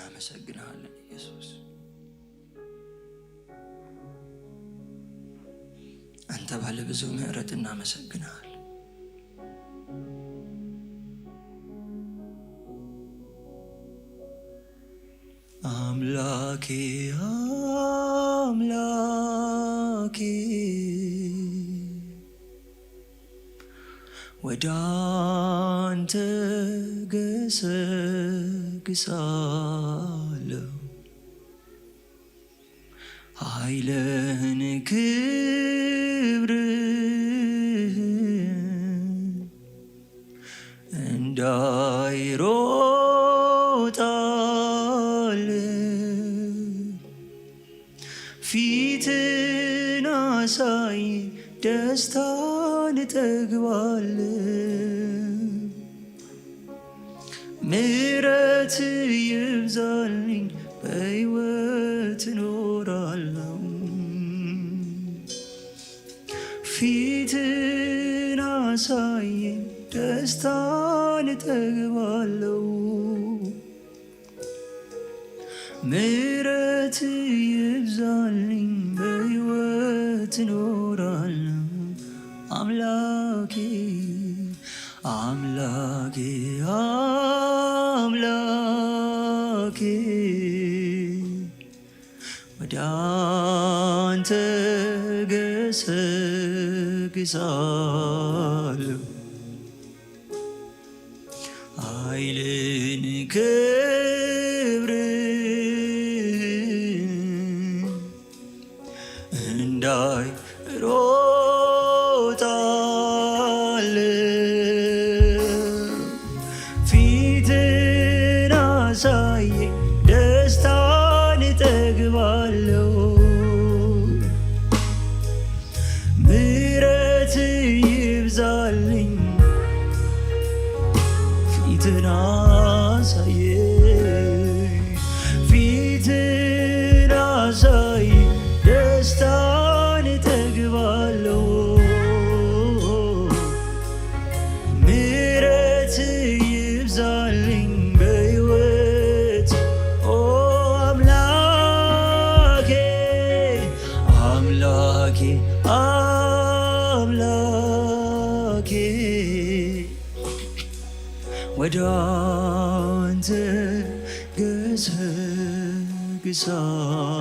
እናመሰግናለን ኢየሱስ። አንተ ባለ ብዙ ምሕረት እናመሰግናል አምላኬ አምላኬ ወደ አንተ አሞግሳለሁ ኃይልህን ክብርህን እንዳይሮጣል ፊትን አሳይ ደስታን እጠግባለሁ ምሕረት ይብዛልኝ በሕይወት እኖራለሁ ፊትን አሳየኝ ደስታን እጠግባለሁ ምሕረት ይብዛልኝ በሕይወት አንተ ገሰግሳለሁ ኃይልን 견재 그새 그사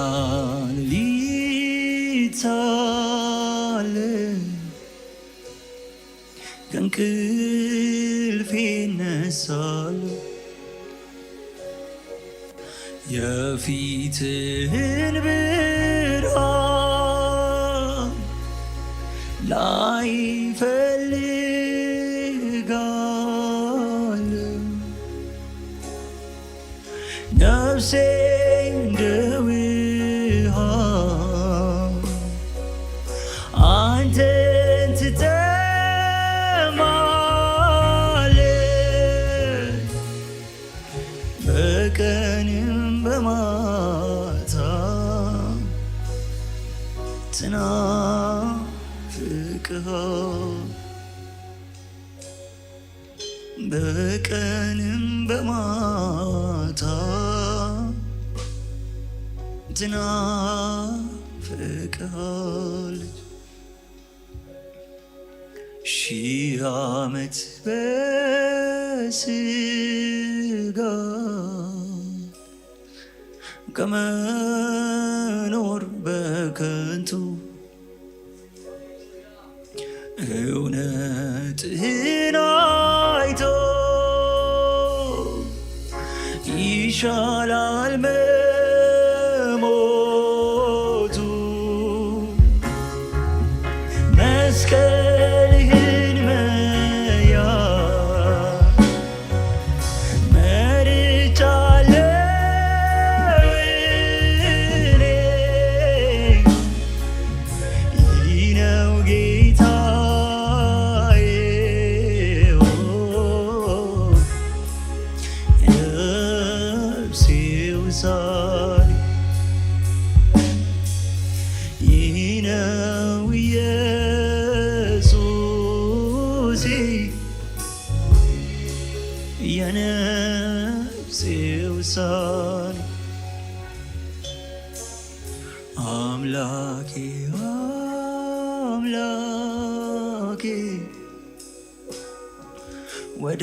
ይመታል ይታል ከእንቅልፌ እነሳል የፊትህን ትናፍቅሃ በቀንም በማታ ትናፍቅሃለች ሺህ ዓመት በስጋ ከመኖር በከ እውነትህን አይቶ ይሻላል መሞቱ መስቀል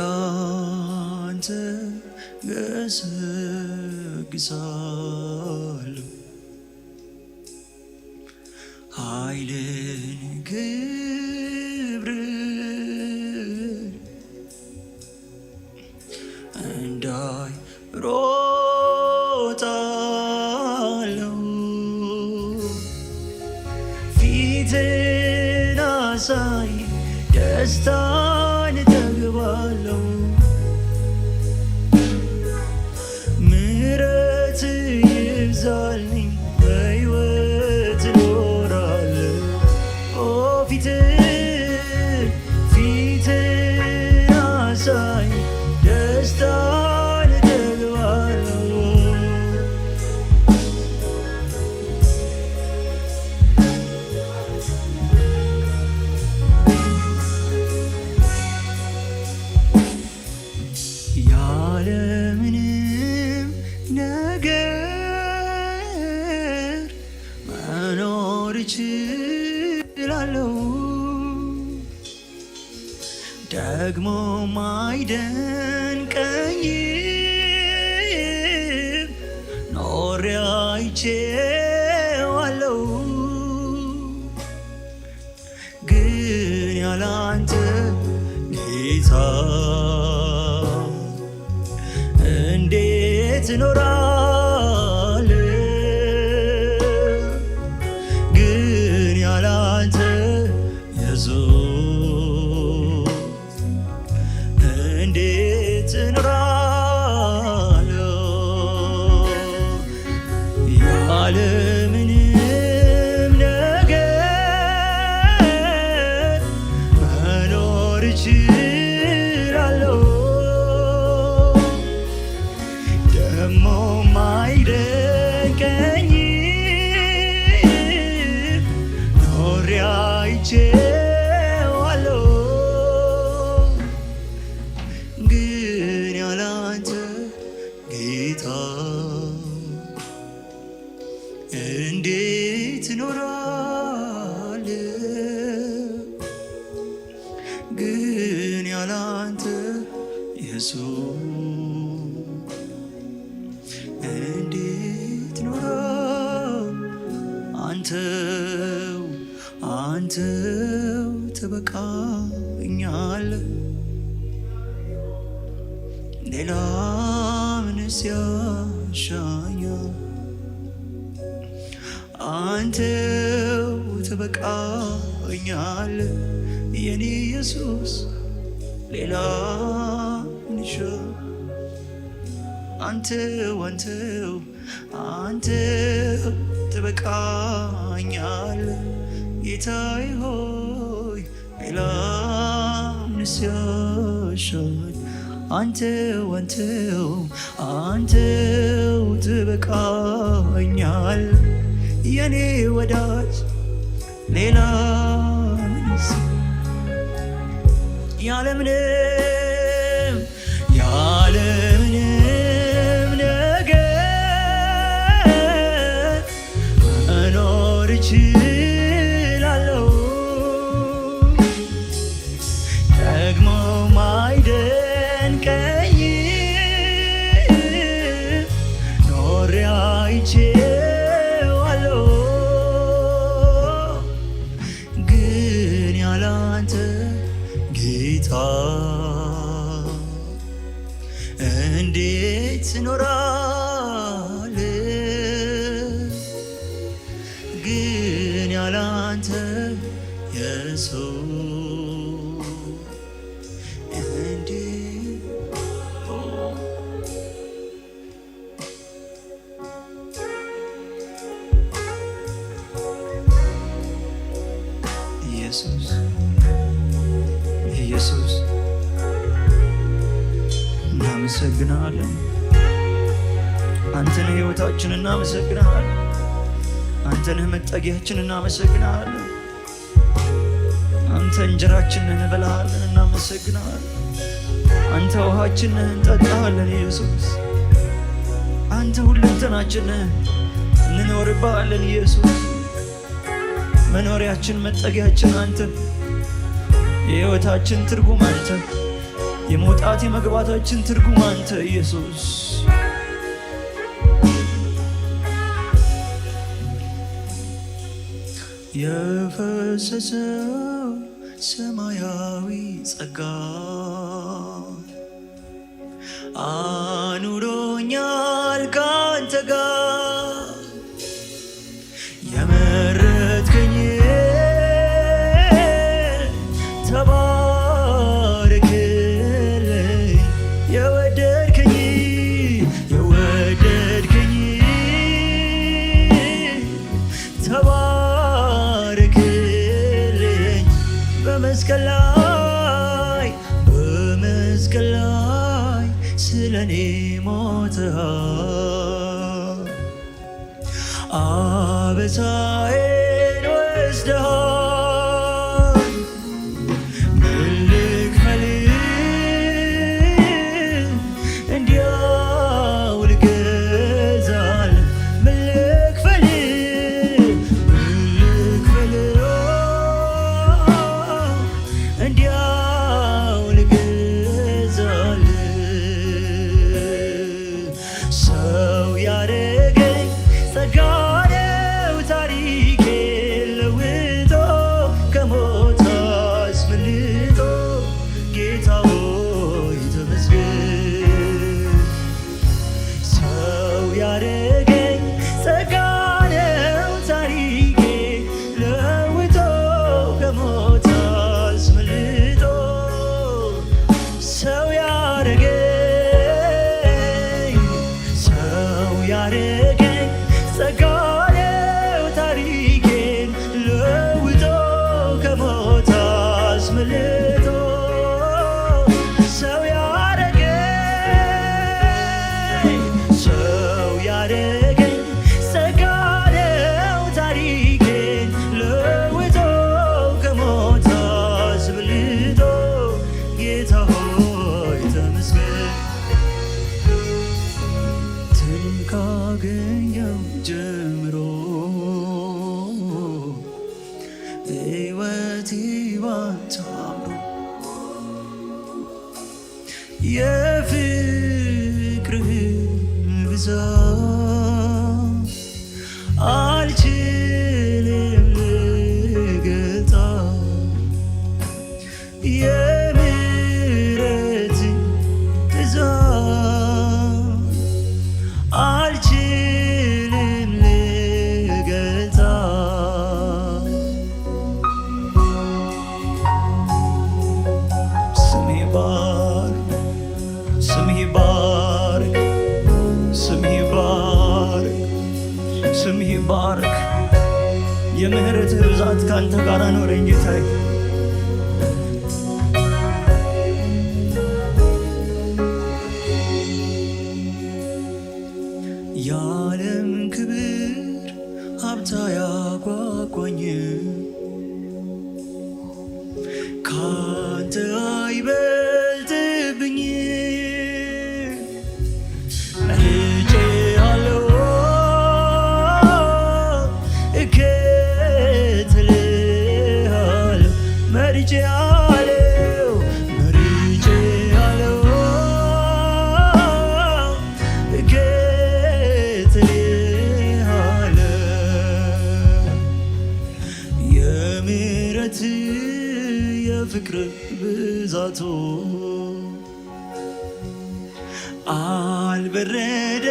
ወዳንተ ገሰግሳለሁ ኃይልን ግን ያላንተ ኢየሱስ እንዴት ኖረው አንተው አንተው ትበቃኛል ሌላ ምንስ ያሻኛል አንተው ትበቃኛል የኔ ኢየሱስ ሌላ ምን ይሻል? አንተው አንተው አንተው ትበቃኛል ጌታዬ ሆይ ሌላ ምንስ ያሻል? አንተው አንተው አንተው ትበቃኛል የኔ ወዳጅ ሌላ Yalemle መጠጊያችን እናመሰግናለን። አንተ ነህ መጠጊያችን እናመሰግናለን። አንተ እንጀራችን ነህ እንበላሃለን፣ እናመሰግናለን። አንተ ውሃችን ነህ እንጠጣሃለን። ኢየሱስ አንተ ሁለንተናችን ነህ እንኖርባሃለን። ኢየሱስ መኖሪያችን መጠጊያችን አንተ የሕይወታችን ትርጉም አንተ የመውጣት የመግባታችን ትርጉም አንተ ኢየሱስ የፈሰሰው ሰማያዊ ጸጋ አኑሮኛል ካንተ ጋር በመስቀል ላይ በመስቀል ላይ ስለኔ ሞትሃል አበሳዬ 각은 영점으로 የምህረት ብዛት ካንተ ጋር ኖረኝ ጌታዬ የፍቅር ብዛቱ አልበረደ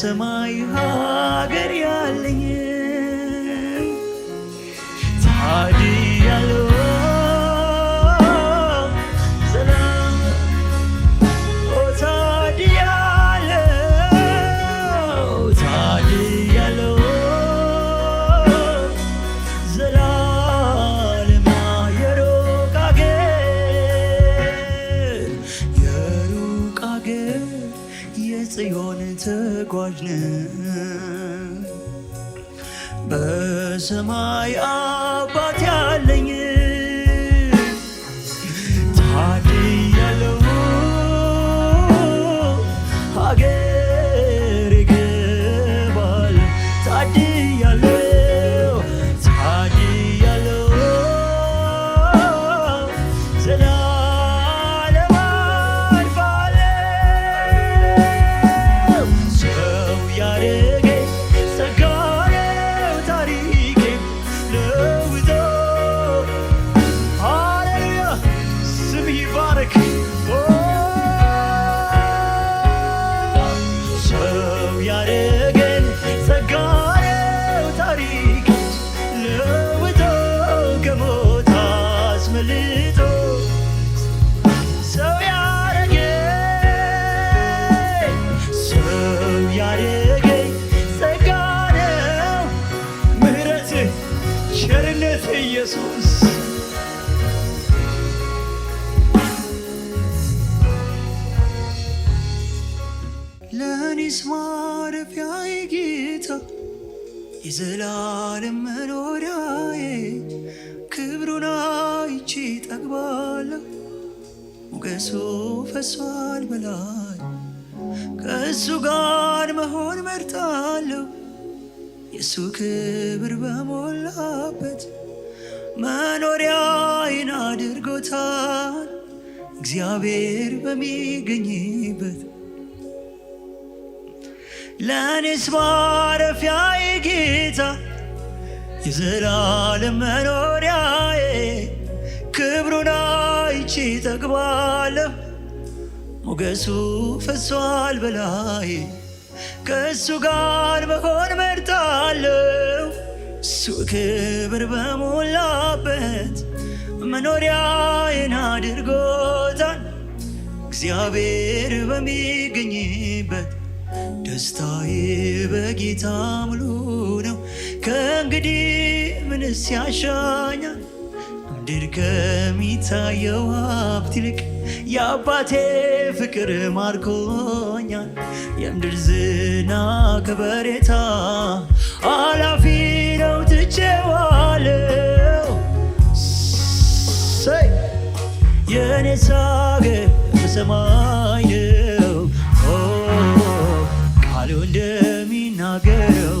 പ്രകാശമായി ጽዮን ተጓዥን በሰማይ አባት አዲስ ማረፊያዬ ጌታ የዘላለም መኖሪያዬ ክብሩን አይቼ ጠግባለሁ። ሞገሱ ፈሷል በላይ ከእሱ ጋር መሆን መርጣለሁ። የእሱ ክብር በሞላበት መኖሪያዬን አድርጎታል። እግዚአብሔር በሚገኝበት ለእኔስ ማረፊያዬ ጌታ የዘላለም መኖሪያዬ ክብሩን አይቼ ጠግባለሁ። ሞገሱ ፈሷል በላዬ ከእሱ ጋር መሆን መርጣለሁ። እሱ ክብር በሞላበት መኖሪያዬን አድርጎታል። እግዚአብሔር በሚገኝበት ደስታዬ በጌታ ሙሉ ነው። ከእንግዲህ ምንስ ያሻኛል? ምድር ከሚታየው ሀብት ይልቅ የአባቴ ፍቅር ማርኮኛል። የምድር ዝና ከበሬታ አላፊ ነው ትቼዋለው የእኔ ሳገ በሰማይ ቃሉ እንደሚናገረው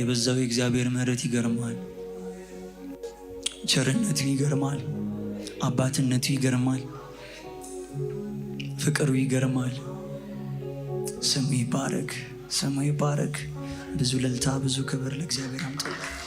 የበዛው የእግዚአብሔር ምሕረት ይገርማል። ቸርነቱ ይገርማል። አባትነቱ ይገርማል። ፍቅሩ ይገርማል። ስሙ ይባረክ፣ ስሙ ይባረክ። ብዙ ለልታ፣ ብዙ ክብር ለእግዚአብሔር አምጥላ